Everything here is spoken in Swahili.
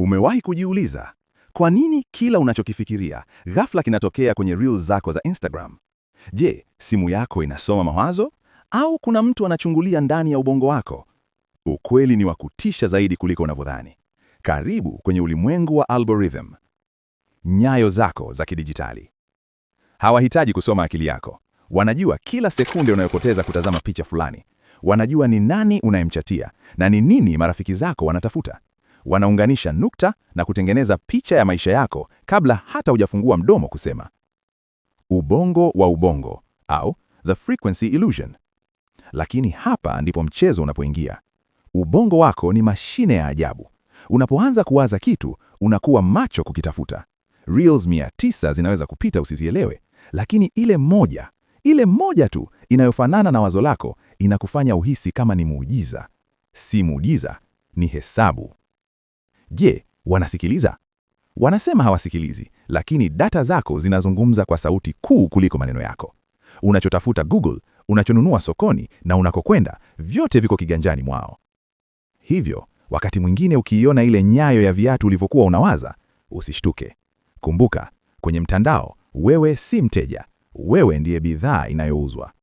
Umewahi kujiuliza kwa nini kila unachokifikiria ghafla kinatokea kwenye reels zako za Instagram? Je, simu yako inasoma mawazo au kuna mtu anachungulia ndani ya ubongo wako? Ukweli ni wa kutisha zaidi kuliko unavyodhani. Karibu kwenye ulimwengu wa algorithm, nyayo zako za kidijitali. Hawahitaji kusoma akili yako, wanajua kila sekunde unayopoteza kutazama picha fulani. Wanajua ni nani unayemchatia na ni nini marafiki zako wanatafuta wanaunganisha nukta na kutengeneza picha ya maisha yako kabla hata hujafungua mdomo kusema. Ubongo wa ubongo au the frequency illusion. Lakini hapa ndipo mchezo unapoingia. Ubongo wako ni mashine ya ajabu. Unapoanza kuwaza kitu, unakuwa macho kukitafuta. Reels mia tisa zinaweza kupita usizielewe, lakini ile moja, ile moja tu inayofanana na wazo lako inakufanya uhisi kama ni muujiza. Si muujiza, ni hesabu. Je, wanasikiliza? Wanasema hawasikilizi, lakini data zako zinazungumza kwa sauti kuu kuliko maneno yako. Unachotafuta Google, unachonunua sokoni na unakokwenda, vyote viko kiganjani mwao. Hivyo, wakati mwingine ukiiona ile nyayo ya viatu ulivyokuwa unawaza, usishtuke. Kumbuka, kwenye mtandao wewe si mteja, wewe ndiye bidhaa inayouzwa.